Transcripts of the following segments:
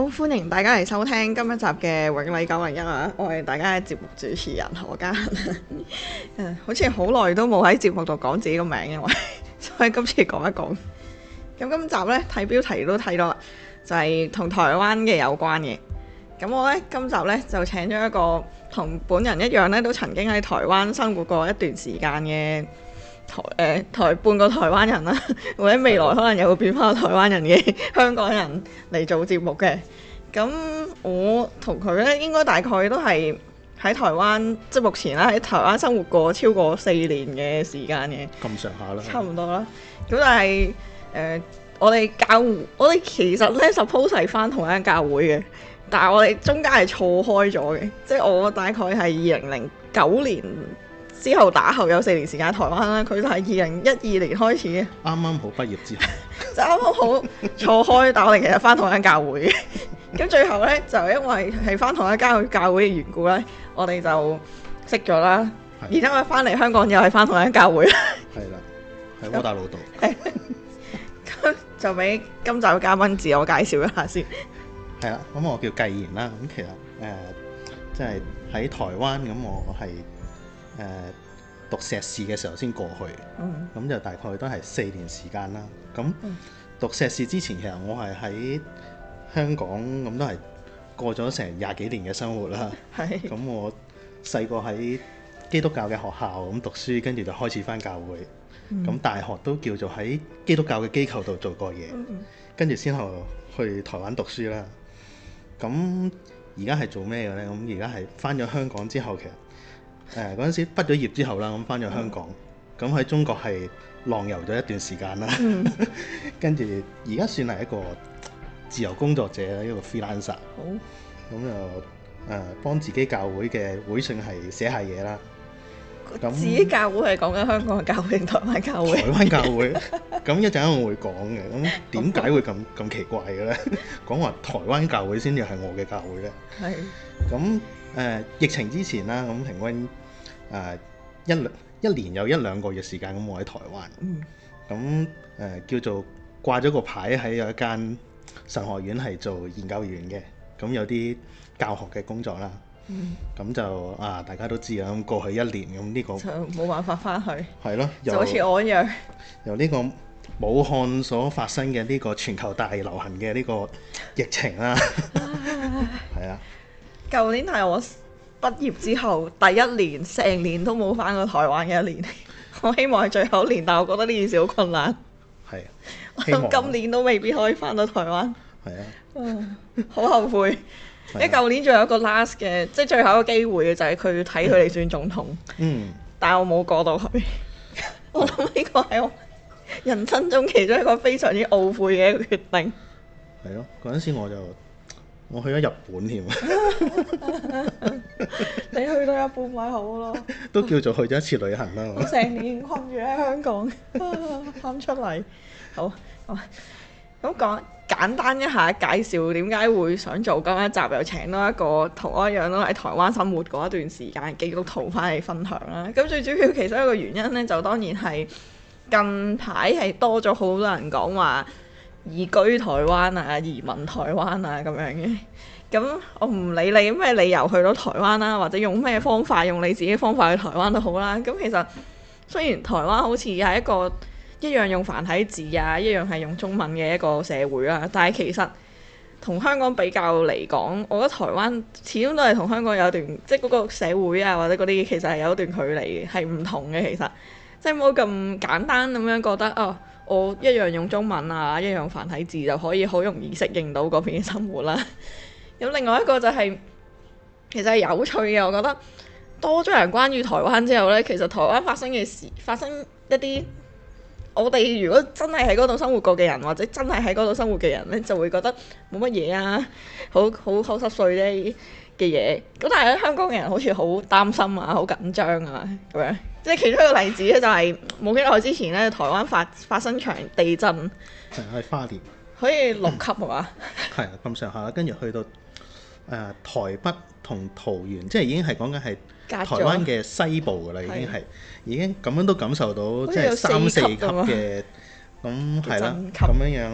好歡迎大家嚟收聽今一集嘅《永利九零一》啊！我係大家嘅節目主持人何嘉， 好似好耐都冇喺節目度講自己個名，因為所以今次講一講。咁今集呢，睇標題都睇到啦，就係同台灣嘅有關嘅。咁我呢，今集呢，就請咗一個同本人一樣呢都曾經喺台灣生活過一段時間嘅。台誒、呃、台半個台灣人啦，或者未來可能又會變翻個台灣人嘅香港人嚟做節目嘅。咁我同佢咧，應該大概都係喺台灣，即係目前啦，喺台灣生活過超過四年嘅時間嘅。咁上下啦。差唔多啦。咁但係誒、呃，我哋教我哋其實咧 suppose 係翻同一間教會嘅，但係我哋中間係錯開咗嘅，即係我大概係二零零九年。之後打後有四年時間喺台灣啦。佢就係二零一二年開始嘅，啱啱好畢業之後， 就啱啱好錯開， 但我哋其實翻同一間教會咁， 最後呢，就因為係翻同一間教會嘅緣故呢，我哋就識咗啦，而因為翻嚟香港又係翻同一間教會，係啦的，喺窩 打老道， 就俾今集嘅嘉賓自我介紹一下先，係啊，咁我叫繼賢啦，咁其實誒即係喺台灣咁我係。誒讀碩士嘅時候先過去，咁 Okay. 就大概都係四年時間啦。咁讀碩士之前，其實我係喺香港，咁都係過咗成廿幾年嘅生活啦。咁 我細個喺基督教嘅學校咁讀書，跟住就開始翻教會。咁 Okay. 大學都叫做喺基督教嘅機構度做過嘢，跟住 Okay. 先後去台灣讀書啦。咁而家係做咩嘅呢？咁而家係翻咗香港之後，其實～誒嗰陣時畢咗業之後啦，咁翻咗香港，咁喺中國係浪遊咗一段時間啦，跟住而家算係一個自由工作者啦，一個 freelancer。好，咁就誒幫自己教會嘅會訊係寫下嘢啦。咁自己教會係講緊香港教會定台灣教會？台灣教會。咁一陣間我會講嘅，咁點解會咁咁奇怪嘅咧？講話台灣教會先至係我嘅教會咧。係。咁誒疫情之前啦，咁平均。誒一兩一年有一兩個月時間咁我喺台灣，咁誒叫做掛咗個牌喺有一間神學院係做研究員嘅，咁有啲教學嘅工作啦，咁就啊大家都知啊，咁過去一年咁呢個冇辦法翻去，係咯，就好似我一樣，由呢個武漢所發生嘅呢個全球大流行嘅呢個疫情啦，係啊，舊年係我。畢業之後第一年成年都冇返過台灣嘅一年， 我希望係最後一年，但係我覺得呢件事好困難。係啊的，我諗今年都未必可以返到台灣。係的啊，好後悔。一舊的年仲有一個 last 嘅，即係最後一個機會嘅就係佢睇佢哋選總統。嗯，但我冇過到去。 我諗呢個係我人生中其中一個非常之懊悔嘅一個決定。係咯，嗰陣時我就。我去咗日本添， 你去到日本咪好咯？ 都叫做去咗一次旅行啦。我成、啊、年困住喺香港，喊 出嚟。好，咁講簡單一下介紹點解會想做今一集，又請到一個同我一樣咯，喺台灣生活過一段時間嘅基督徒翻嚟分享啦。咁最主要其實一個原因呢，就當然係近排係多咗好多人講話。移居台灣啊，移民台灣啊，咁樣嘅。咁、 嗯、我唔理你咩理由去到台灣啦、啊，或者用咩方法，用你自己方法去台灣都好啦、啊。咁、嗯、其實雖然台灣好似係一個一樣用繁體字啊，一樣係用中文嘅一個社會啦、啊，但係其實同香港比較嚟講，我覺得台灣始終都係同香港有段，即係嗰個社會啊，或者嗰啲其實係有一段距離，係唔同嘅。其實即係冇咁簡單咁樣覺得哦。我一樣用中文啊，一樣用繁體字就可以好容易適應到嗰邊嘅生活啦。咁 另外一個就係、是、其實係有趣嘅，我覺得多咗人關於台灣之後呢，其實台灣發生嘅事，發生一啲我哋如果真係喺嗰度生活過嘅人，或者真係喺嗰度生活嘅人呢，就會覺得冇乜嘢啊，好好濕碎啫嘅嘢。咁但係香港嘅人好似好擔心啊，好緊張啊咁樣。即係其中一個例子咧，就係冇幾耐之前咧，台灣發發生場地震，係啊，係花蓮，可以六級啊嘛，係啊，咁上下啦，跟住去到誒台北同桃園，即係已經係講緊係台灣嘅西部噶啦，已經係已經咁樣都感受到即係三四級嘅咁係啦，咁樣樣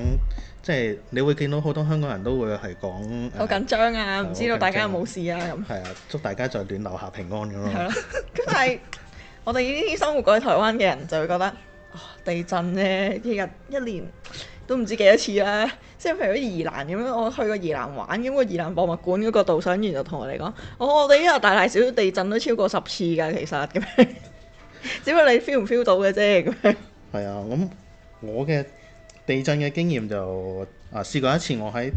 即係你會見到好多香港人都會係講好緊張啊，唔知道大家有冇事啊咁，係啊，祝大家在亂流下平安咁咯，係咯，咁但係，我哋已經生活過喺台灣嘅人就會覺得，哦、地震呢、啊，一日一年都唔知幾多次啦、啊。即係譬如啲宜蘭咁樣，我去過宜蘭玩，咁個宜蘭博物館嗰個導賞員就同我哋講、哦：，我哋一日大大小小地震都超過十次㗎，其實咁 只不過你 feel 唔 feel 到嘅啫咁樣。係 啊，咁我嘅地震嘅經驗就啊試過一次我，我喺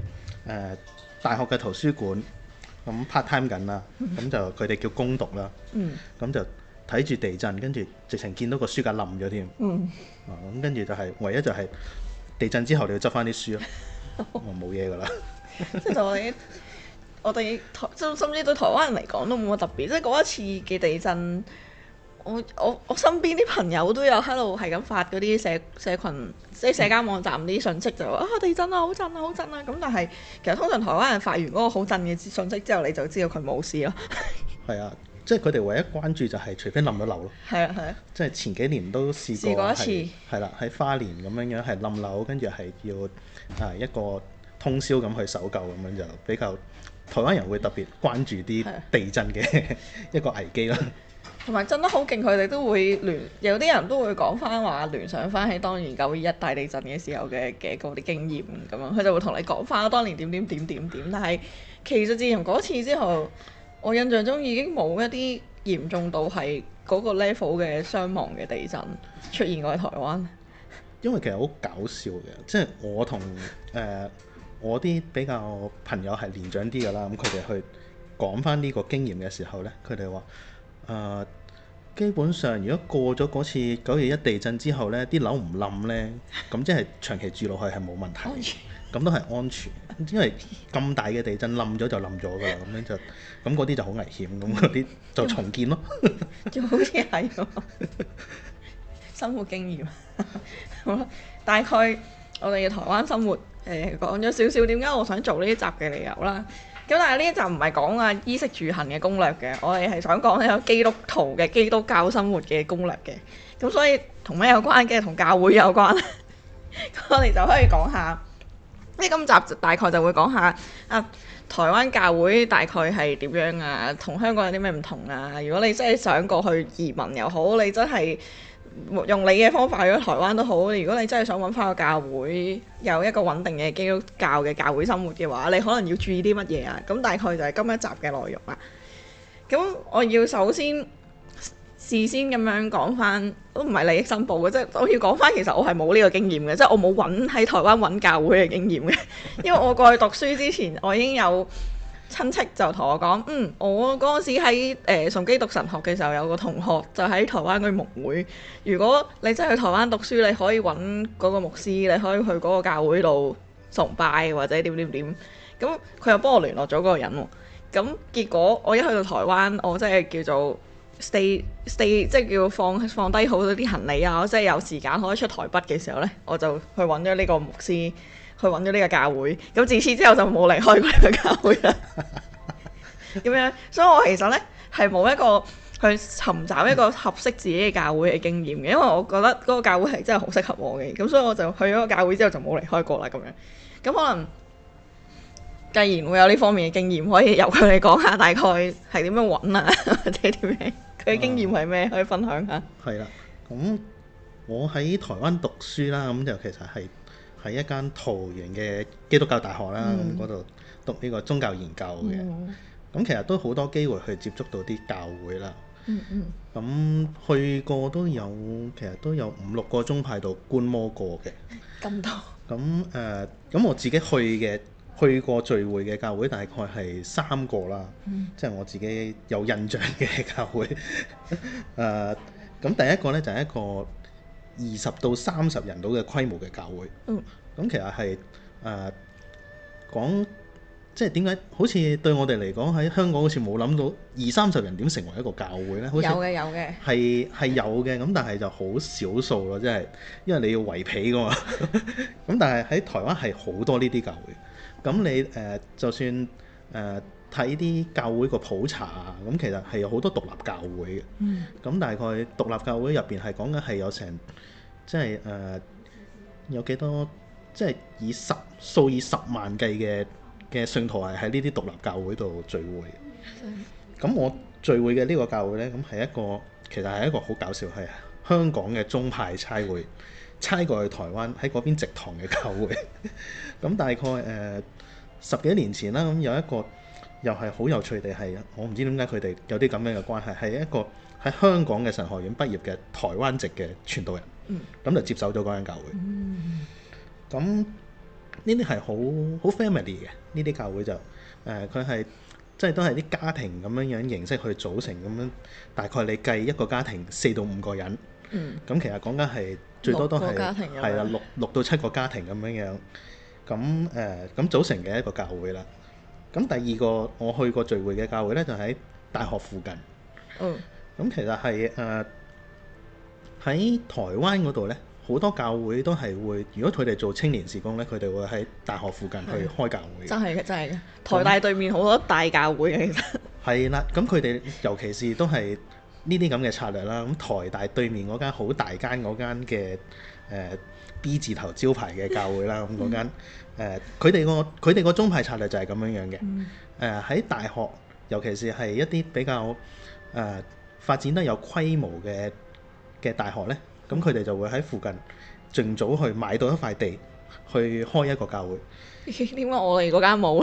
誒大學嘅圖書館咁 part time 緊啦，咁就佢哋叫工讀啦，咁就、嗯。嗯。睇住地震，跟住直情見到個書架冧咗添。嗯。咁跟住就係、是、唯一就係地震之後你要執翻啲書咯。 我冇嘢噶啦。即係 我哋，我哋台，甚甚至對台灣人嚟講都冇乜特別。即係嗰一次嘅地震，我我我身邊啲朋友都有喺度係咁發嗰啲社社群即係社交網站啲信息就話、嗯、啊地震啊好震啊好震啊咁，但係其實通常台灣人發完嗰個好震嘅信息之後你就知道佢冇事咯。係啊。即係佢哋唯一關注就係除非冧咗樓咯，係啊係啊！啊即係前幾年都試過一次係啦，喺、啊、花蓮咁樣樣係冧樓，跟住係要啊一個通宵咁去搜救咁樣就比較台灣人會特別關注啲地震嘅、啊、一個危機咯。同埋震得好勁，佢哋都會聯有啲人都會講翻話聯想翻起當年九二一大地震嘅時候嘅嘅嗰啲經驗咁樣，佢就會同你講翻當年點點點點點。但係其實自從嗰次之後。我印象中已經冇一啲嚴重到係嗰個 level 嘅傷亡嘅地震出現過喺台灣。因為其實好搞笑嘅，即係我同誒，呃，我啲比較朋友係年長啲嘅啦，咁佢哋去講返呢個經驗嘅時候呢，佢哋話誒基本上如果過咗嗰次九月一地震之後呢，啲樓唔冧呢，咁即係長期住落去係冇問題。咁都係安全，因為咁大嘅地震冧咗就冧咗㗎啦，咁樣就咁嗰啲就好危險，咁嗰啲就重建咯，就好似係咁生活經驗。好啦，大概我哋嘅台灣生活誒講咗少少，點解我想做呢集嘅理由啦？咁但係呢集唔係講啊衣食住行嘅攻略嘅，我哋係想講咧有基督徒嘅基督教生活嘅攻略嘅，咁所以同咩有關嘅？同教會有關，咁我哋就可以講下。呢今集大概就會講下啊，台灣教會大概係點樣啊，同香港有啲咩唔同啊。如果你真係想過去移民又好，你真係用你嘅方法去台灣都好。如果你真係想揾翻個教會，有一個穩定嘅基督教嘅教會生活嘅話，你可能要注意啲乜嘢啊？咁大概就係今一集嘅內容啦。咁我要首先。事先咁樣講翻都唔係利益申報嘅，即係我要講翻，其實我係冇呢個經驗嘅，即係我冇揾喺台灣揾教會嘅經驗嘅，因為我過去讀書之前，我已經有親戚就同我講，嗯，我嗰陣時喺誒、呃、崇基讀神學嘅時候，有個同學就喺台灣嗰度牧會，如果你真係去台灣讀書，你可以揾嗰個牧師，你可以去嗰個教會度崇拜或者點點點，咁佢又幫我聯絡咗嗰個人喎，咁結果我一去到台灣，我真係叫做。stay stay 即係要放放低好多啲行李啊！即係有時間可以出台北嘅時候呢，我就去揾咗呢個牧師，去揾咗呢個教會。咁自此之後就冇離開過呢個教會啦。咁 樣，所以我其實呢，係冇一個去尋找一個合適自己嘅教會嘅經驗嘅，因為我覺得嗰個教會係真係好適合我嘅。咁所以我就去咗個教會之後就冇離開過啦。咁樣，咁可能既然會有呢方面嘅經驗，可以由佢哋講下大概係點樣揾啊，或者點樣？嘅經驗係咩？啊、可以分享下？係啦，咁我喺台灣讀書啦，咁就其實係喺一間桃園嘅基督教大學啦，咁嗰度讀呢個宗教研究嘅，咁、嗯、其實都好多機會去接觸到啲教會啦。嗯嗯，咁去過都有，其實都有五六個宗派度觀摩過嘅。咁多？咁誒，咁、呃、我自己去嘅。去過聚會嘅教會大概係三個啦，嗯、即係我自己有印象嘅教會。誒、 呃，咁第一個呢，就係、是、一個二十到三十人度嘅規模嘅教會。咁、嗯嗯、其實係誒、呃、講，即係點解好似對我哋嚟講喺香港好似冇諗到二三十人點成為一個教會呢？好似有嘅有嘅，係係有嘅，咁但係就好少數咯，即、就、係、是、因為你要圍皮㗎嘛。咁 但係喺台灣係好多呢啲教會。咁你誒就算誒睇啲教會個普查啊，咁其實係有好多獨立教會嘅。咁、嗯、大概獨立教會入邊係講嘅緊係有成，即係誒、呃、有幾多，即係以十數以十萬計嘅嘅信徒係喺呢啲獨立教會度聚會。咁、嗯、我聚會嘅呢個教會咧，咁係一個其實係一個好搞笑係香港嘅中派差會，猜過去台灣喺嗰邊植堂嘅教會，咁 大概誒、呃、十幾年前啦。咁有一個又係好有趣地，係，我唔知點解佢哋有啲咁樣嘅關係，係一個喺香港嘅神學院畢業嘅台灣籍嘅傳道人，咁、嗯、就接手咗嗰間教會。咁呢啲係好好 family 嘅呢啲教會，就誒佢係即係都係啲家庭咁樣樣形式去組成，咁樣大概你計一個家庭四到五個人，咁、嗯嗯、其實講緊係。最多都係係啊，六六到七個家庭咁樣樣，咁誒咁組成嘅一個教會啦。咁第二個我去過聚會嘅教會呢，就喺大學附近。嗯，咁其實係誒喺台灣嗰度呢，好多教會都係會，如果佢哋做青年事工呢，佢哋會喺大學附近去開教會。真係嘅，真係嘅，台大對面好多大教會嘅，其實係啦。咁佢哋尤其是都係。呢啲咁嘅策略啦，咁台大對面嗰間好大間嗰間嘅誒 B 字頭招牌嘅教會啦，咁嗰間佢哋個佢哋個宗派策略就係咁樣樣嘅誒。喺、 呃、大學，尤其是係一啲比較誒、呃、發展得有規模嘅嘅大學呢，咁佢哋就會喺附近盡早去買到一塊地去開一個教會。點解我哋嗰間冇？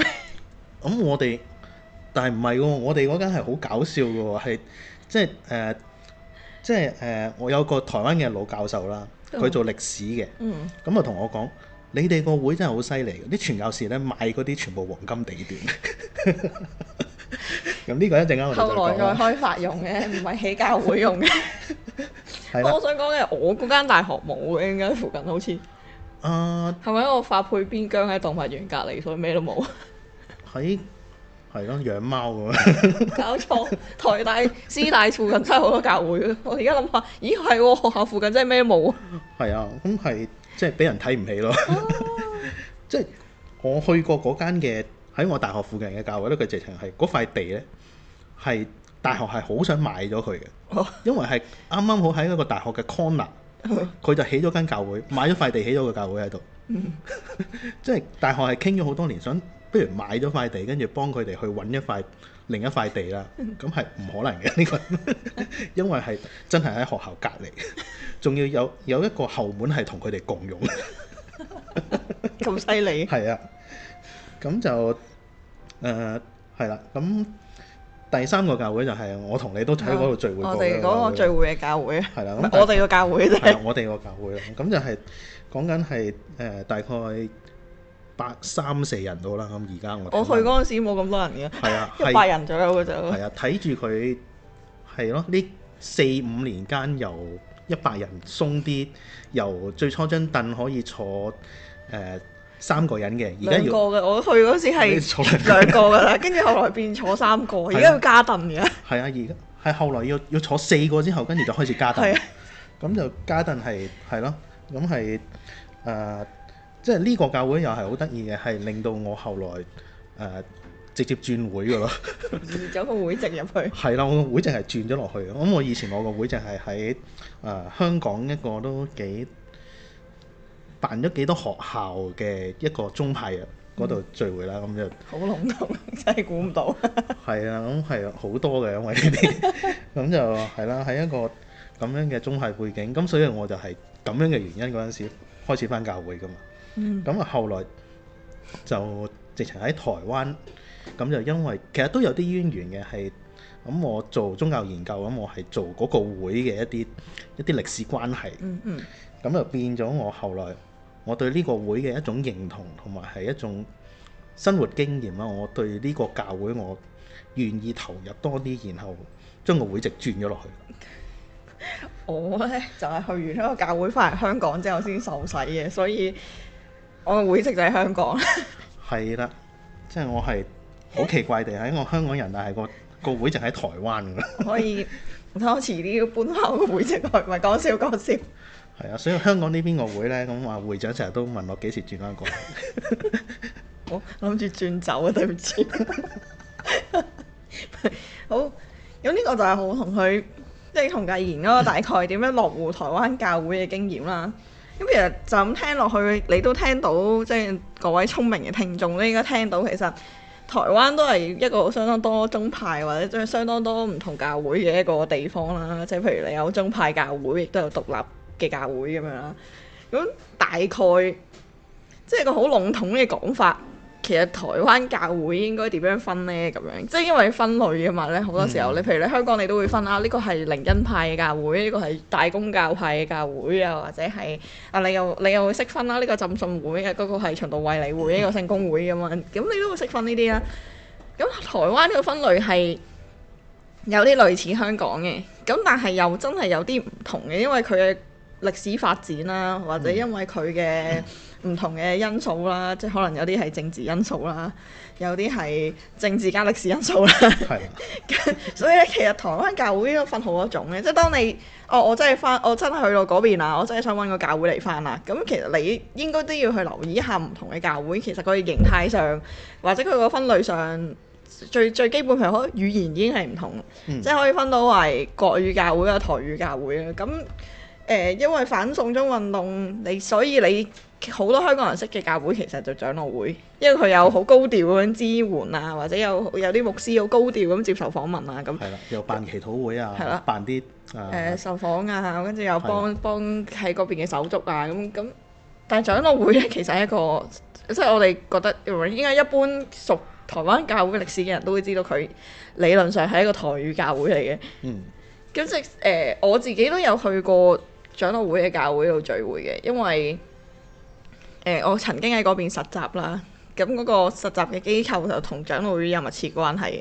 咁我哋但係唔係喎？我哋嗰間係好搞笑嘅，係。即係誒、呃，即係誒、呃，我有個台灣嘅老教授啦，佢做歷史嘅，咁啊同我講，你哋個會真係好犀利，啲傳教士咧買嗰啲全部黃金地段。咁呢 個一陣間我哋再講。後來再開發用嘅，唔係起教會用嘅 的。我想講嘅係我嗰間大學冇嘅，應該附近好似，誒係咪一個發配邊疆喺動物園隔離，所以咩都冇。喺。係咯，養貓嘅 搞錯，台大師大附近真係好多教會，我而家諗下，咦，係喎，學校附近真係咩都冇。係啊，咁係即係俾人睇唔起咯。 即係我去過嗰間嘅喺我大學附近嘅教會咧，佢直情係嗰塊地咧係大學係好想買咗佢嘅，因為係啱啱好喺一個大學嘅 corner，佢就起咗間教會，買咗塊地起咗個教會喺度。 即係大學係傾咗好多年想。不如買咗塊地，跟住幫佢哋去揾一塊另一塊地啦。咁係唔可能嘅呢個，因為係真係喺學校隔離，仲要有有一個後門係同佢哋共用。咁犀利？係啊，咁就誒係啦。咁第三個教會就係我同你都喺嗰度聚會過。我哋嗰個聚會嘅教會係啦。我哋個教會就係我哋個教會啦。咁就係講緊係誒大概，百三四人到啦，咁而家我我去嗰陣時冇咁多人嘅，一百人左右嘅就係啊，睇住佢係咯，呢四五年間由一百人鬆啲，由最初張凳可以坐誒三個人嘅，而家要嘅，我去嗰時係兩個噶啦，跟住後來變坐三個，而家要加凳嘅，係啊，而家係後來要要坐四個之後，跟住就開始加凳，係啊，咁就加凳係係咯，咁係誒。即係呢個教會又係好得意嘅，係令到我後來誒、呃、直接轉會噶咯，移咗個會籍入去。係啦，我個會籍係轉咗落去。咁我以前我個會籍係喺誒香港一個都幾辦咗幾多學校嘅一個宗派嗰度聚會啦。咁就好籠統，真係估唔到。係 啊，咁係好多嘅，因為呢啲咁就係啦，係一個咁樣嘅宗派背景，咁所以我就係咁樣嘅原因嗰陣時開始返教會噶嘛。咁啊，嗯、後來就直情喺台灣，咁就因為其實都有啲淵源嘅，係，咁我做宗教研究，咁我係做嗰個會嘅一啲一啲歷史關係。咁、嗯嗯、就變咗我後來，我對呢個會嘅一種認同，同埋係一種生活經驗啦。我對呢個教會，我願意投入多啲，然後將個會籍轉咗落去。我呢，就係、是、去完一個教會，翻嚟香港之後先受洗嘅，所以。我個會籍就喺香港 係啦，即係我係好奇怪地喺我香港人大，但係個個會籍喺台灣噶 可以睇下我遲啲要搬翻我個會籍過嚟，講笑講笑。係啊， 所以香港呢邊個會呢，咁話會長成日都問我幾時轉翻過嚟。我諗住轉走啊，對唔住。 好，咁呢個就係我同佢即係同繼賢嗰個大概點樣落戶台灣教會嘅經驗啦。 咁其實就咁聽落去，你都聽到即係各位聰明嘅聽眾都應該聽到其實台灣都係一個相當多宗派或者即係相當多唔同教會嘅一個地方啦。即係譬如你有宗派教會，亦都有獨立嘅教會咁樣啦。咁大概即係、就是、個好籠統嘅講法。其實台灣教會應該點樣分呢？咁樣即係因為分類啊嘛咧，好多時候你譬如你香港你都會分啊，呢個係靈恩派嘅教會，呢個係大公教派嘅教會啊，或者係啊你又你又會識分啦，呢個浸信會嘅，嗰、那個係長道衛理會，呢、嗯、個聖公會咁樣，咁你都會識分呢啲啊。咁台灣呢個分類係有啲類似香港嘅，咁但係又真係有啲唔同嘅，因為佢嘅歷史發展啦，或者因為佢嘅。嗯嗯唔同嘅因素啦，即係可能有啲係政治因素啦，有啲係政治加歷史因素啦。係。 所以咧，其實台灣教會都分好多種嘅，即係當你，哦，我真係翻，我真係去到嗰邊啦，我真係想揾個教會嚟翻啦。咁其實你應該都要去留意一下唔同嘅教會，其實佢嘅形態上或者佢個分類上，最最基本係可語言已經係唔同，嗯、即係可以分到為國語教會啊、台語教會啊。咁誒、呃，因為反送中運動，你所以你。好多香港人識嘅教會其實就長老會，因為佢有好高調咁支援啊，或者有有啲牧師好高調咁接受訪問啊，咁係啦，又辦祈禱會啊，係啦的，辦啲誒受訪啊，跟住又幫的幫喺嗰邊嘅手足啊，咁咁。但係長老會咧，其實係一個即係、就是、我哋覺得，應該一般熟台灣教會歷史嘅人都會知道佢理論上係一個台語教會嚟嘅。咁即係我自己都有去過長老會嘅教會度聚會嘅，因為。誒，我曾經喺嗰邊實習啦，咁嗰個實習嘅機構就同長老會有密切關係嘅。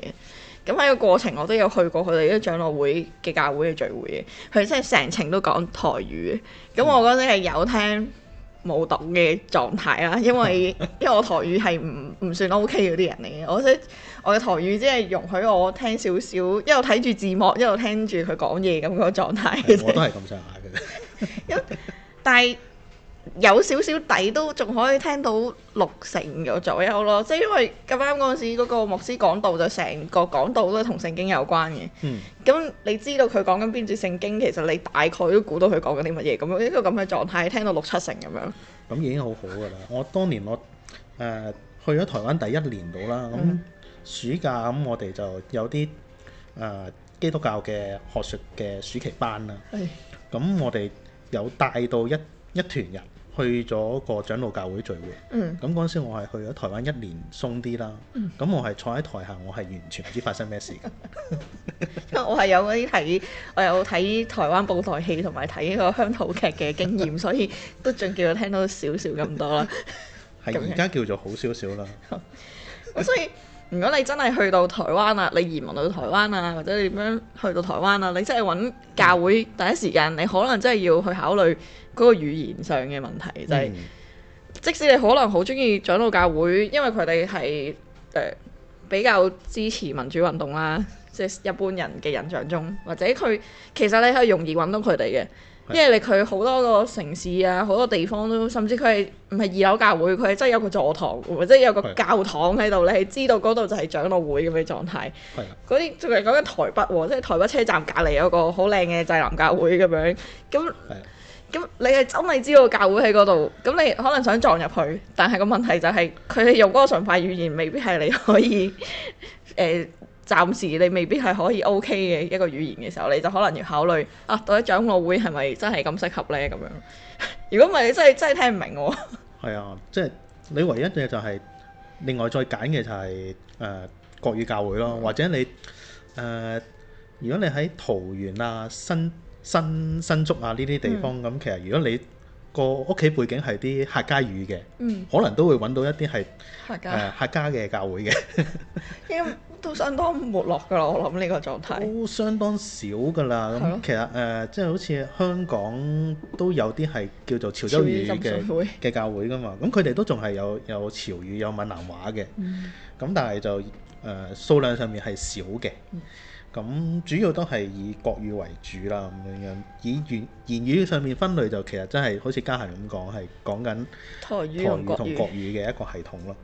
咁喺個過程，我都有去過佢哋啲長老會嘅教會嘅聚會嘅。佢真係成程都講台語嘅。咁我嗰陣係有聽冇懂嘅狀態啦，因為因為我台語係唔唔算 OK 嗰啲人嚟嘅。我即係我嘅台語，即係容許我聽少少，一路睇住字幕，一路聽住佢講嘢咁個狀態。我都係咁上下嘅。但係。有少少底都仲可以聽到六成咗左右咯，即係因為咁啱嗰陣時嗰個牧師講道就成個講道都同聖經有關嘅。嗯。咁你知道佢講緊邊段聖經，其實你大概都估到佢講緊啲乜嘢，咁一個咁嘅狀態聽到六七成咁樣。咁已經好好噶啦！我當年我誒去咗台灣第一年度啦，咁暑假咁我哋就有啲誒基督教嘅學術嘅暑期班啦。係。咁我哋有帶到一一團人。去咗個長老教會聚會，咁嗰陣時我係去咗台灣一年鬆啲啦，咁、嗯、我係坐喺台下，我係完全唔知發生咩事嘅，因 為 我係有嗰啲睇，我有睇台灣布袋戲同埋睇呢個鄉土劇嘅經驗，所以都仲叫做聽到少少咁多啦，係而家叫做好少少啦，咁 所以。如果你真係去到台灣啊，你移民到台灣啊，或者你點樣去到台灣啊，你真係揾教會第一時間，你可能真係要去考慮嗰個語言上嘅問題，就係即使你可能好中意長老教會，因為佢哋係比較支持民主運動啦，即係一般人嘅印象中，或者佢其實你可以容易揾到佢哋嘅。因為你佢好多個城市啊，好多地方都，甚至佢係唔係二樓教會，佢係真係有個座堂，或者有個教堂喺度，你係知道嗰度就係長老會咁嘅狀態。係啊，嗰啲仲係講緊台北喎，即係台北車站隔離有個好靚嘅濟南教會咁樣，咁咁的你係真係知道教會喺嗰度，咁你可能想撞入去，但係個問題就係佢係用嗰個純華語言，未必係你可以誒。呃暫時你未必係可以 OK 嘅一個語言嘅時候，你就可能要考慮啊，到底長老會係咪真係咁適合呢？」咁樣，如果唔係你真係真係聽唔明喎。係啊，即係你唯一嘅就係、是、另外再揀嘅就係、是、誒、呃、國語教會咯，或者你誒、呃，如果你喺桃園啊、新新新竹啊呢啲地方咁，嗯、其實如果你個屋企背景係啲客家語嘅，嗯、可能都會揾到一啲係客家嘅、呃、教會嘅。咁 都相當沒落㗎啦，我諗呢個狀態都相當少㗎啦。咁的其實誒，即、呃、係好似香港都有啲係叫做潮州語嘅嘅教會㗎嘛。咁佢哋都仲係有有潮語有閩南話嘅。咁、嗯、但係就誒、呃、數量上面係少嘅。嗯咁主要都係以國語為主啦，咁樣樣以言言語上面分類，就其實真係好似繼賢咁講，係講緊台語同國語嘅一個系統咯。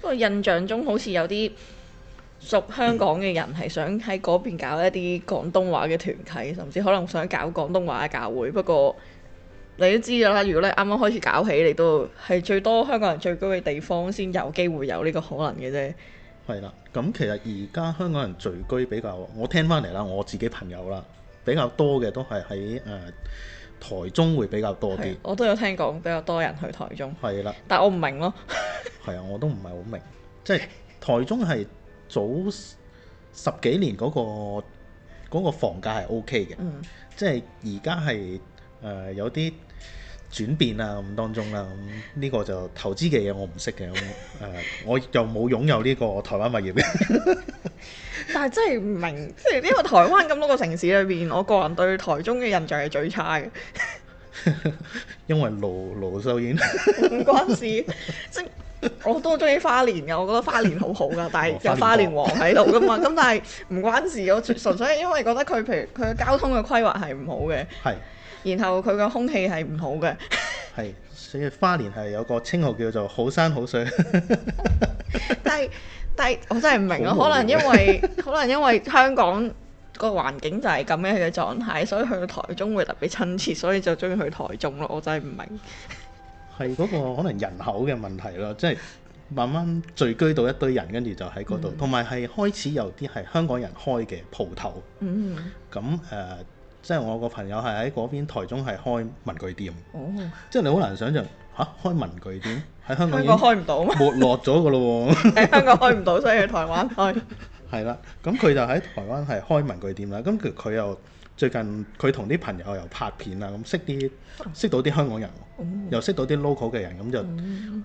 不過印象中好似有啲屬香港嘅人係想喺嗰邊搞一啲廣東話嘅團體，嗯、甚至可能想搞廣東話嘅教會。不過你都知啦，如果你啱啱開始搞起，你都係最多香港人最高嘅地方先有機會有呢個可能嘅啫。係啦，咁其實而家香港人聚居比較，我聽翻嚟啦，我自己朋友啦比較多嘅都係喺誒台中會比較多啲。我都有聽講比較多人去台中。係啦的，但我唔明咯。係 啊，我都唔係好明，即係台中係早十幾年嗰個嗰個房價係 O K 嘅。嗯、即係而家係誒有啲。轉變啊咁當中啦、啊，呢、嗯這個就投資嘅嘢我唔識嘅，誒、嗯呃、我又冇擁有呢、這個台灣物業嘅 但係真係唔明，即係因為台灣咁多個城市裏邊，我個人對台中嘅印象係最差嘅。 因為盧盧秀燕唔關事，即我都中意花蓮嘅，我覺得花蓮好好噶，但係有花蓮王喺度噶嘛。咁 但係唔關事，我純粹因為覺得佢譬如佢嘅交通嘅規劃係唔好嘅。係。然後佢個空氣係唔好嘅，係所以花蓮係有個稱號叫做好山好水， 但係但係我真係唔明咯，可能因為， 可能因為可能因為香港個環境就係咁樣嘅狀態，所以去到台中會特別親切，所以就中意去台中咯。我真係唔明，係嗰個可能人口嘅問題咯，即係慢慢聚居到一堆人，跟住就喺嗰度，同埋係開始有啲係香港人開嘅鋪頭，嗯，咁誒。Uh, 即係我個朋友係喺嗰邊台中係開、哦啊、開文具店，即係你好難想像嚇開文具店喺香港已經開唔到，沒落咗㗎喎，喺香港開唔到， 所以去台灣開係啦。咁 佢就喺台灣係開文具店啦。咁佢佢又最近佢同啲朋友又拍片啦，咁識啲識到啲香港人，嗯、又識到啲 local 嘅人，咁就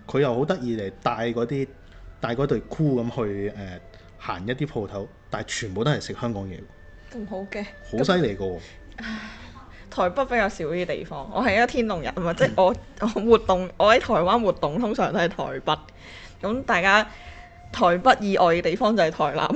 佢、嗯、又好得意嚟帶嗰啲帶嗰對箍咁去誒、呃、行一啲鋪頭，但係全部都係食香港嘢，咁好嘅，好犀利㗎喎。台北比較少啲地方，我係一個天龍人啊嘛，即係我我活動，我喺台灣活動通常都係台北。咁大家台北以外嘅地方就係台南。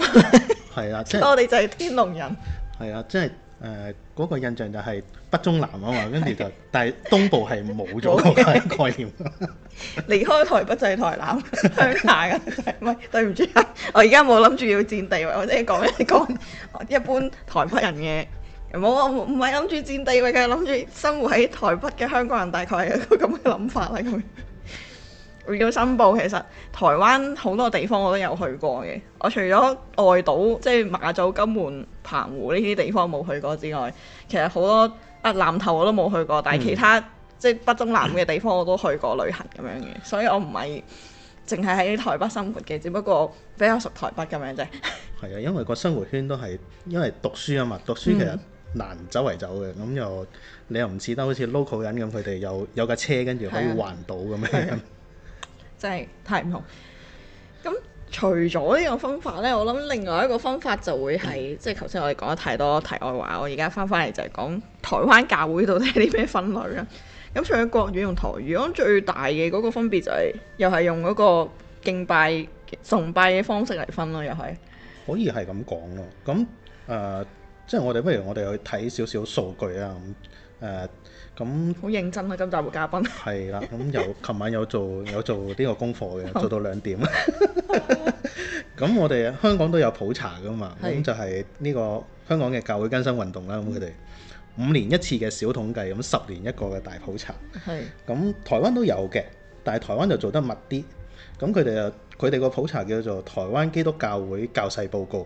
係啊，即係 我哋就係天龍人。係啊，即係誒嗰個印象就係北中南啊嘛，跟住就但係東部係冇咗個概念。 離開台北就係台南，鄉 下嘅唔係，對唔住，我而家冇諗住要佔地位，我即係講一講一，一般台北人嘅。冇，我唔係諗住佔地位，我係諗住生活喺台北嘅香港人，大概係個咁嘅諗法啦。咁，回到新報，其實台灣好多地方我都有去過嘅。我除咗外島，即係馬祖、金門、澎湖呢啲地方冇去過之外，其實好多啊南頭我都冇去過，但係其他、嗯、即係北中南嘅地方我都去過旅行咁樣嘅。所以我唔係淨係喺台北生活嘅，只不過比較熟台北咁樣啫。係啊，因為個生活圈都係因為讀書啊嘛，讀書其實、嗯、～難周圍走嘅，咁又你又唔似得好似 local 人咁，佢哋有有架車跟住可以環島咁樣， 真係太唔同。咁除咗呢個方法呢，我諗另外一個方法就會係，嗯、即係頭先我哋講咗太多題外話，我而家翻翻嚟，就係講台灣教會到底係啲咩分類啦。咁除咗國語用台語，咁最大嘅嗰個分別就係、是，又係用嗰個敬拜崇拜嘅方式嚟分咯，又係可以係咁講咯。咁誒。呃即係我哋，不如我哋去睇少少數據啦。咁誒咁好認真啊！今集嘅嘉賓係啦，咁 有琴晚有做有做呢個功課嘅， 做到兩點。咁 我哋香港都有普查㗎嘛？咁就係呢個香港嘅教會更新運動啦。咁佢哋五年一次嘅小統計，咁十年一個嘅大普查。係是。咁台灣都有嘅，但係台灣就做得密啲。咁佢哋又。佢哋個普查叫做《台灣基督教會教勢報告》，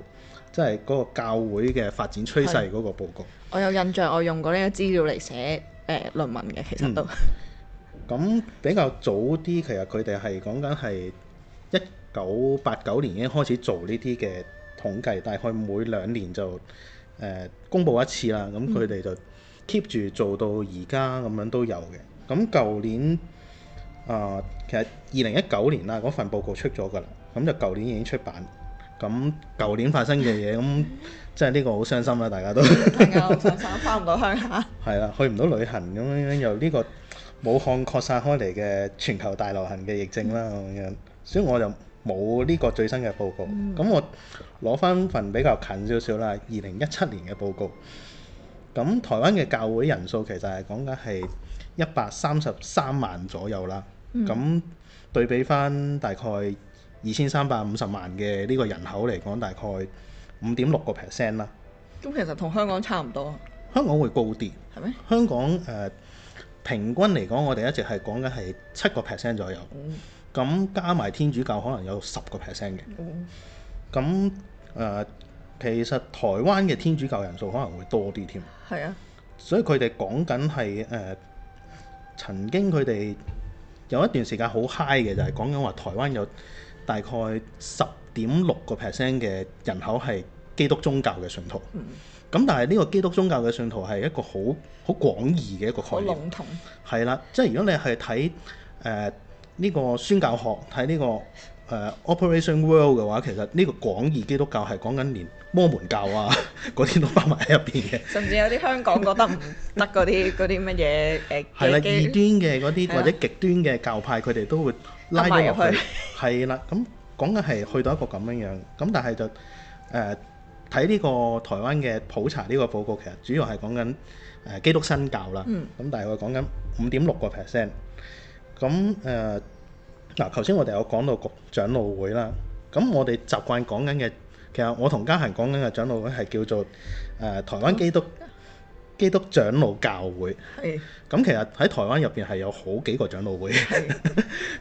即係嗰個教會嘅發展趨勢嗰個報告。我有印象，我用過呢個資料嚟寫誒、呃、論文嘅，其實都咁、嗯嗯、比較早啲。其實佢哋係講緊係一九八九年已經開始做呢啲嘅統計，大概每兩年就誒、呃、公佈一次啦。咁佢哋就 keep 住做到而家咁樣都有嘅。咁、嗯、舊年。啊，uh, 其實二零一九年啦，嗰份報告出咗噶啦，咁就舊年已經出版。咁舊年發生嘅嘢，咁真係呢個好傷心啦，大家都，好傷心，翻唔到鄉下。係啦，去唔到旅行咁樣，又呢個武漢擴散開嚟嘅全球大流行嘅疫症啦咁樣，所以我就冇呢個最新嘅報告。咁我攞翻份比較近少少啦，二零一七年嘅報告。咁台灣嘅教會人數其實係講緊係一百三十三萬左右啦。咁、嗯、對比翻，大概二千三百五十萬嘅呢個人口嚟講，大概五點六個 percent 啦。咁其實同香港差唔多，香港會高啲，係咩嗎？香港誒、呃、平均嚟講，我哋一直係講緊係七個 percent 左右。咁、嗯、加埋天主教可能有十個 percent 嘅。咁誒、嗯呃、其實台灣嘅天主教人數可能會多啲添。係啊，所以佢哋講緊係誒曾經佢哋。有一段時間好嗨嘅，就係講緊話台灣有大概十點六個 percent 嘅人口係基督宗教嘅信徒。咁、嗯、但係呢個基督宗教嘅信徒係一個好好廣義嘅一個概念。係啦，即係如果你係睇誒呢個宣教學，睇呢個。誒 Operation World 嘅話，其實呢個廣義基督教係講緊連摩門教啊嗰啲都包埋喺入邊嘅，甚至有啲香港覺得唔得嗰啲嗰啲乜嘢誒？係啦，異端嘅嗰啲或者極端嘅教派，佢哋都會拉咗入去。係啦，咁講緊係去到一個咁樣樣，咁但係就誒睇呢個台灣嘅普查呢個報告，其實主要係講緊誒基督新教啦，咁大概講緊五點六個 percent，咁誒。嗱，頭先我哋有講到講長老會啦，咁我哋習慣講緊嘅，其實我同繼賢講緊嘅長老會係叫做誒台灣基督基督長老教會。係。咁其實喺台灣入邊係有好幾個長老會嘅。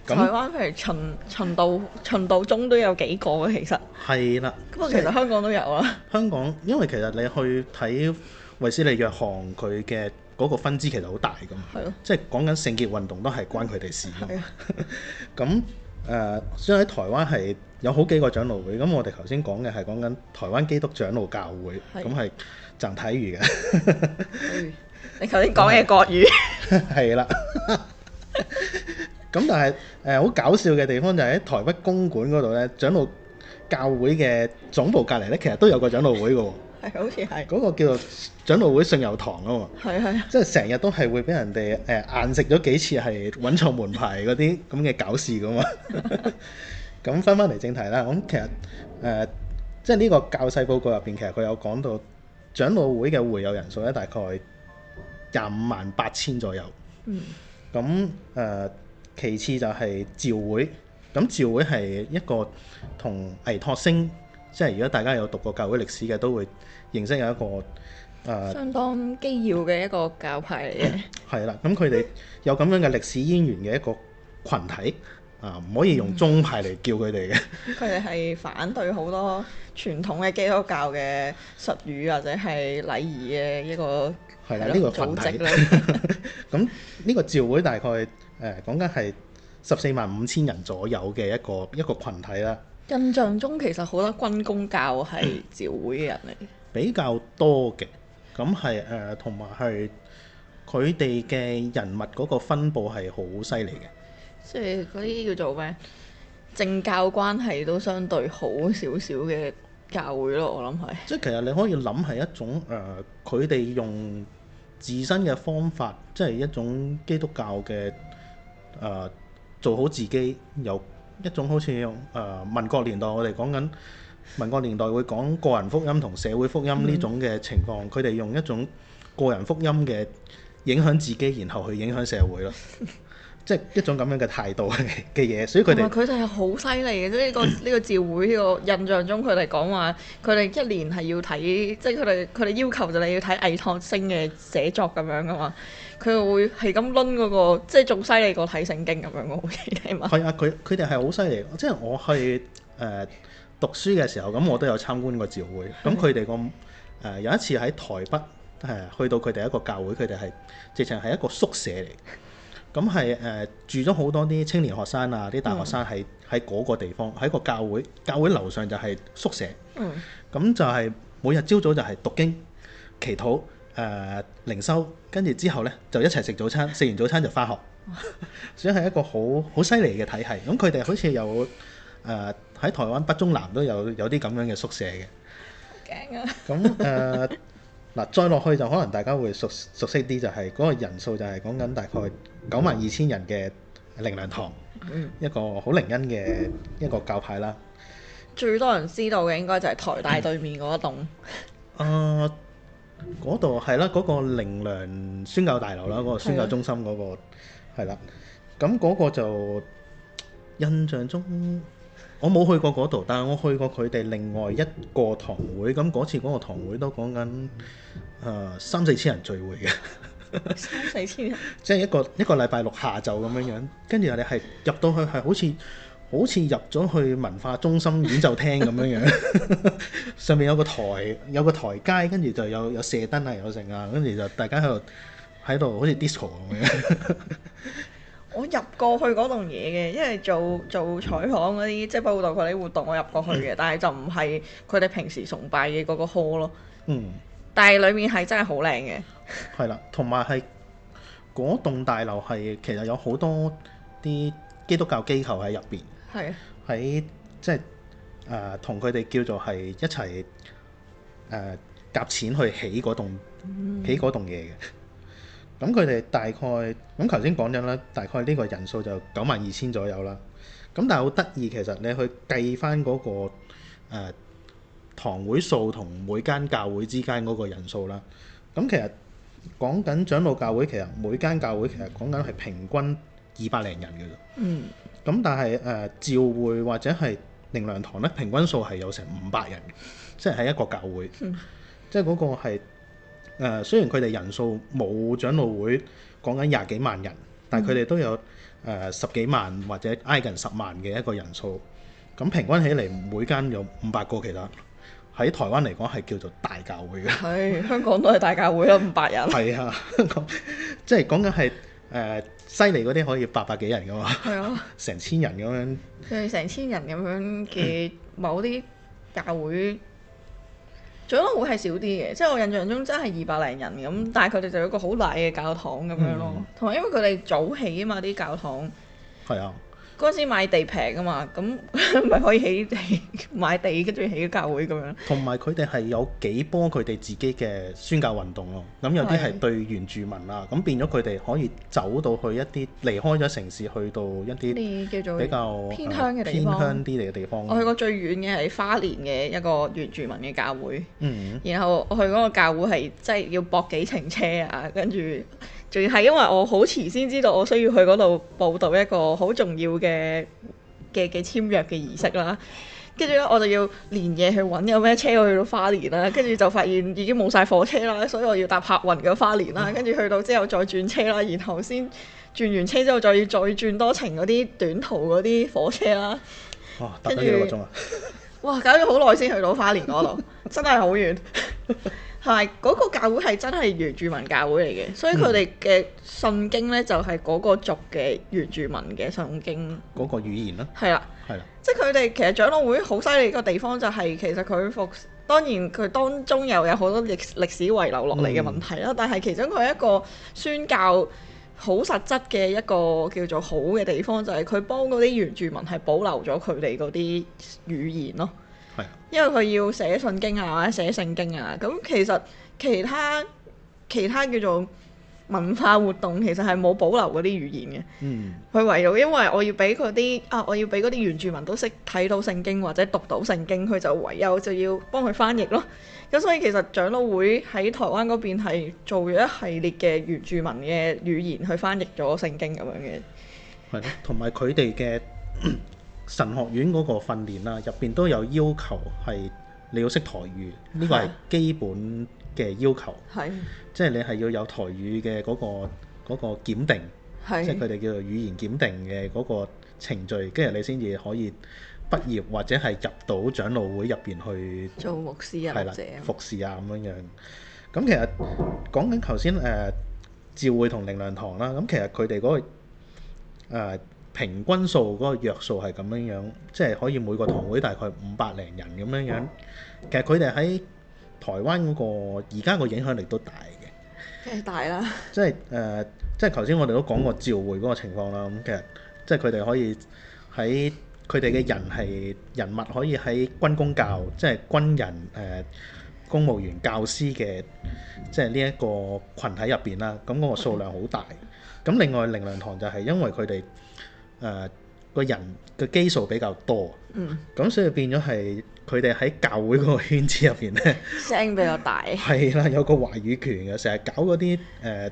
台灣譬如循循道循道宗都有幾個嘅其實。係啦。咁啊，其實香港都有啦。香港因為其實你去睇維斯利約翰佢嘅。嗰個分支其實好大嘛，的即係講緊聖潔運動都係關佢哋事。咁誒的，所以喺台灣係有好幾個長老會。咁我哋頭先講嘅係講緊台灣基督長老教會，咁係贈體 語嘅。你頭先講嘅國語，係啦。咁但係誒好搞笑嘅地方就係喺台北公館嗰度呢，長老教會嘅總部隔離呢，其實都有個長老會嘅。 係，好似係嗰個叫做長老會信友堂啊嘛，係啊 的，即係成日都係會俾人哋誒硬食咗幾次係揾錯門牌嗰啲咁嘅搞事噶嘛。咁翻返嚟正題啦，咁其實誒即係呢個教勢報告入邊，其實佢、呃、有講到長老會嘅會友人數咧，大概廿五萬八千左右。嗯。咁誒、呃，其次就係召會，咁召會係一個同倪柝聲。即係如果大家有讀過教會歷史嘅，都會認識有一個誒相當基要嘅一個教派嚟嘅。係啦，咁佢哋有咁樣嘅歷史淵源嘅一個羣體啊，唔可以用宗派嚟叫佢哋嘅。佢哋係反對好多傳統嘅基督教嘅術語或者係禮儀嘅一個係啦，呢個組織啦。咁呢個召會大概誒講緊係十四萬五千人左右嘅一個一個羣體啦。印象中其實好多軍公教係召會嘅人嚟，比較多嘅。咁係誒同埋係佢哋嘅人物嗰個分佈係好犀利嘅，即係嗰啲叫做咩政教關係都相對好少少嘅教會咯，我諗係即係其實你可以諗係一種誒佢哋用自身嘅方法，即係一種基督教嘅誒、呃、做好自己有。一種好似用誒、呃、民國年代，我哋講緊民國年代會講個人福音同社會福音呢種嘅情況，佢哋、嗯、用一種個人福音嘅影響自己，然後去影響社會咯。即係一種咁樣嘅態度嘅嘢，所以佢哋佢哋係好犀利嘅。即係呢個呢個召會呢個印象中，佢哋講話佢哋一年係要睇，即係佢哋佢哋要求就你要睇倪柝聲嘅寫作咁樣噶嘛。佢會係咁攤嗰個，即係仲犀利過睇聖經咁樣嘅，會係嘛？係啊，佢佢哋係好犀利。即係我去誒、呃、讀書嘅時候，咁我都有參觀過召會。咁佢哋個誒有一次喺台北誒、呃、去到佢哋一個教會，佢哋係直情係一個宿舍嚟。咁係誒住咗好多啲青年學生啊，啲大學生喺喺嗰個地方，喺個教會，教會樓上就係宿舍。咁、嗯嗯嗯、就係、是、每日朝早就係讀經、祈禱、誒、呃、靈修，跟住之後呢，就一齊食早餐，食完早餐就翻學。所以係哇一個好好犀利嘅體系。咁佢哋好似有誒喺、呃、台灣北中南都有有啲咁樣嘅宿舍嘅。好驚啊！咁誒嗱，再落去就可能大家會熟熟悉啲，就係嗰個人數就係講緊大概，九萬二千人嘅靈糧堂，嗯、一個好靈恩嘅一個教派啦。嗯、最多人知道嘅應該就係台大對面嗰一棟。誒、嗯，嗰度係啦，嗰個靈糧宣教大樓啦，嗰個宣教中心嗰個係啦。咁嗰個就印象中，我冇去過嗰度，但係我去過佢哋另外一個堂會。咁嗰次嗰個堂會都講緊誒三四千人聚會嘅。三四千人，即係 一個一個禮拜六下晝咁樣樣，跟住我哋係入到去係好似好似入咗去文化中心演奏廳咁樣樣， 上面有個台有個台階，跟住就有有射燈啊，有剩啊，跟住就大家喺度喺度好似 disco 咁樣。 我入過去嗰棟嘢嘅，因為做做採訪嗰啲即係報道佢哋活動，我入過去嘅，嗯、但係就唔係佢哋平時崇拜嘅嗰個 hall 咯。嗯。但係裏面係真係好靚嘅，係啦，同埋係嗰棟大樓，係其實有好多啲基督教機構喺入邊，係喺即係誒同佢哋叫做係一齊誒夾錢去起嗰棟起嗰棟嘢嘅。咁佢哋大概咁頭先講咗啦，大概呢個人數就九萬二千左右啦。咁但係好得意，其實你去計翻嗰個誒。呃堂會數同每間教會之間嗰個人數啦，咁其實講緊長老教會，其實每間教會其實講緊係平均二百零人嘅啫。嗯。咁但係誒、呃、召會或者係靈良堂咧，平均數係有成五百人，即係一個教會，嗯、即係嗰個係誒、呃。雖然佢哋人數冇長老會講緊廿幾萬人，但係佢哋都有誒、呃、十幾萬或者挨近十萬嘅一個人數。咁平均起嚟每間有五百個其他。喺台灣嚟講係叫做大教會嘅，係香港都係大教會啦，五百人。係啊，香港，即係講緊係誒犀利嗰啲可以八百幾人噶嘛，係啊，成千人咁樣。佢哋成千人咁樣嘅某啲教會，嗯、最多好係少啲嘅，即係我印象中真係二百零人咁，但係佢哋就有個好大嘅教堂咁樣咯。同埋、嗯、因為佢哋早起啊嘛啲教堂，係啊。嗰陣時買地平啊嘛，咁咪可以起地買地，跟住起個教會咁樣。同埋佢哋係有幾波佢哋自己嘅宣教運動咯。咁有啲係對原住民啦，咁的變咗佢哋可以走到去一啲離開咗城市，去到一啲叫做比較偏鄉嘅地方。嗯、偏鄉啲嚟嘅地方。我去過最遠嘅係花蓮嘅一個原住民嘅教會。嗯。然後我去嗰個教會係即係要駁幾程車啊，跟住。仲要係因為我好遲先知道我需要去嗰度報道一個好重要嘅嘅嘅簽約嘅儀式啦，跟住咧我就要連夜去揾有咩車去到花蓮啦，跟住就發現已經冇晒火車啦，所以我要搭客運嘅花蓮啦，跟住去到之後再轉車啦，然後先轉完車之後再要再轉多程嗰啲短途嗰啲火車啦。哇！搭咗幾個鐘啊、哇！搞咗好耐先去到花蓮嗰度， 真係好遠。 係咪嗰個教會係真係原住民教會嚟嘅？所以佢哋嘅信經呢，就係、是、嗰個族嘅原住民嘅信經嗰個語言咯。係啦的，係啦的，即係佢哋其實長老會好犀利個地方就係其實佢服，當然佢當中又有好多歷歷史遺留落嚟嘅問題啦，嗯、但係其中佢係一個宣教好實質嘅一個叫做好嘅地方，就係、是、佢幫嗰啲原住民係保留咗佢哋嗰啲語言咯。因為佢要寫信經啊，或者寫聖經啊，咁其實其他其他叫做文化活動，其實係冇保留嗰啲語言嘅。嗯，佢唯有因為我要俾佢啲啊，我要俾嗰啲原住民都識睇到聖經或者讀到聖經，佢就唯有就要幫佢翻譯咯。咁所以其實長老會喺台灣嗰邊係做咗一系列嘅原住民嘅語言去翻譯咗聖經咁樣嘅。係，同埋佢哋嘅。 神學院嗰個訓練啦，入邊都有要求係你要識台語，呢個係基本嘅要求。係即係你係要有台語嘅嗰個嗰個檢定，係即係佢哋叫做語言檢定嘅嗰個程序，跟住你先至可以畢業或者係入到長老會入邊去做牧師啊，係姐服侍啊咁樣樣。咁其實講緊頭先誒召會同靈糧堂啦，咁其實佢哋嗰個、呃平均數嗰個約數係咁樣樣，即係可以每個堂會大概五百零人咁樣樣。啊、其實佢哋喺台灣嗰個而家個影響力都大嘅，梗係大啦、呃。即係誒，即係頭先我哋都講過召會嗰個情況啦。咁、嗯、其實即係佢哋可以喺佢哋嘅人係人物可以喺軍公教，即係、嗯、軍人、誒、呃、公務員、教師嘅，即係呢一個群體入邊啦。咁嗰個數量好大。咁、嗯、另外靈糧堂就係因為佢哋。誒個人嘅基數比較多，咁所以變咗係佢哋喺教會嗰個圈子入邊咧聲比較大，係啦，有個話語權嘅，成日搞嗰啲誒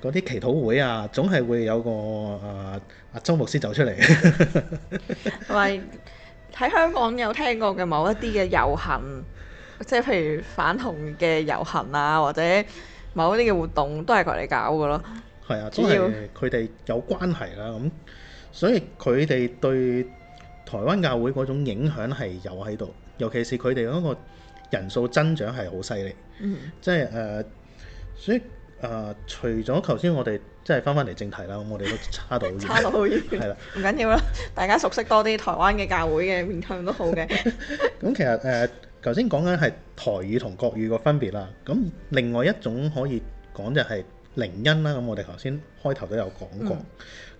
嗰啲祈禱會啊，總係會有個誒阿周牧師走出嚟。同埋喺香港有聽過嘅某一啲嘅遊行，即係譬如反同嘅遊行啊，或者某一啲嘅活動，都係佢哋搞㗎咯。係啊，主要係佢哋有關係啦咁。所以佢哋對台灣教會嗰種影響係有喺度，尤其是佢哋嗰個人數增長係好犀利。嗯、哼即係誒、呃，所以誒、呃，除咗頭先我哋即係返返嚟正題啦，我哋都差到好遠， 差到好遠，的係啦，唔緊要啦，大家熟悉多啲台灣嘅教會嘅面向都好嘅。咁 其實誒，頭先講緊係台語同國語個分別啦，咁另外一種可以講就係靈恩啦，咁我哋頭先開頭都有講過，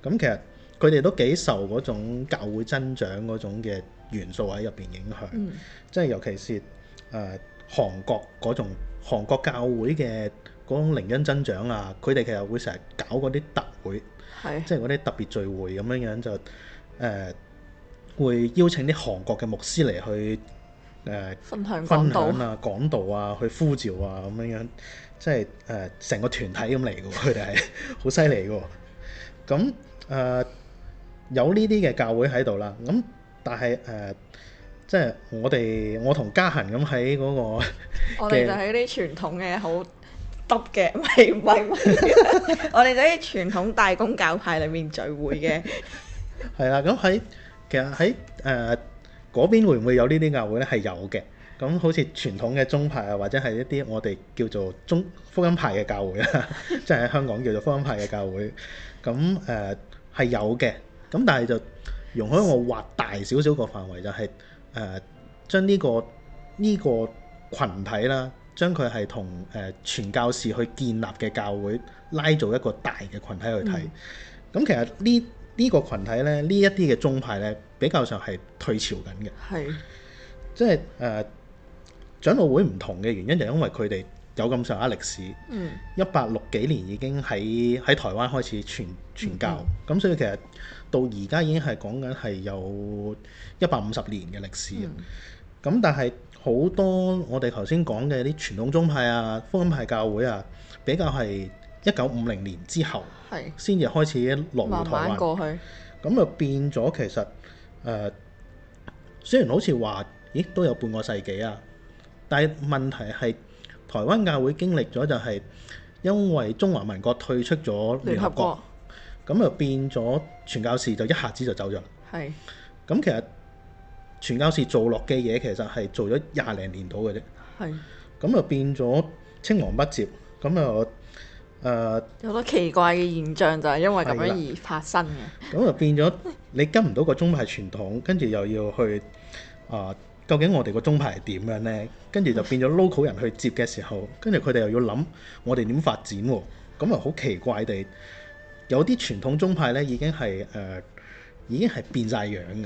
咁其實。嗯佢哋都幾受嗰種教會增長嗰種嘅元素喺入邊影響，嗯、即係尤其是誒、呃、韓國嗰種韓國教會嘅嗰種靈恩增長啊，佢哋其實會成日搞嗰啲特會，是即係嗰啲特別聚會咁樣樣就誒會邀請啲韓國嘅牧師嚟去誒、呃、分享講分享啊，講道啊，去呼召啊咁樣樣，即係誒成個團體咁嚟嘅，佢哋係好犀利嘅，咁誒。 有呢啲嘅教會喺度啦，咁但係誒、呃，即係我哋我同嘉恆咁喺嗰個，我哋就喺啲傳統嘅好篤嘅唔係唔係， 我哋喺啲傳統大公教派裏面聚會嘅，係啦， 咁喺其實喺誒嗰邊會唔會有呢啲教會咧？係有嘅，咁好似傳統嘅宗派啊，或者係一啲我哋叫做中福音派嘅教會啦，即係喺香港叫做福音派嘅教會，咁誒係有嘅。咁但係就容許我畫大少少個範圍，就係，就係誒將呢個呢個羣體啦，將佢係同誒傳教士去建立嘅教會拉做一個大嘅群體去睇。咁、嗯、其實呢呢、呢個群體咧，一呢一啲嘅宗派咧，比較上係退潮緊嘅，係是即係誒、呃、長老會唔同嘅原因就因為佢哋。有咁上下歷史，一八六幾年已經喺喺台灣開始傳傳教，咁、嗯、所以其實到而家已經係講緊係有一百五十年嘅歷史。咁、嗯、但係好多我哋頭先講嘅啲傳統宗派啊、福音派教會啊，比較係一九五零年之後先至是開始落嚟台灣慢慢過去，咁就變咗其實誒、呃，雖然好似話咦都有半個世紀啊，但係問題係。台灣教會經歷咗就係因為中華民國退出咗聯合國，咁就變咗傳教士就一下子就走咗。係是，咁其實傳教士做落嘅嘢其實係做咗廿零年到嘅啫。係是，咁就變咗青黃不接，咁啊誒，呃，好多奇怪嘅現象就係因為咁樣的而發生嘅。咁就變咗你跟唔到個宗派傳統，跟住又要去啊。呃究竟我哋個宗派係點樣呢？跟住就變咗 local 人去接嘅時候，跟住佢哋又要諗我哋點發展喎、啊，咁啊好奇怪地，有啲傳統宗派咧已經係誒、呃、已經係變晒樣嘅。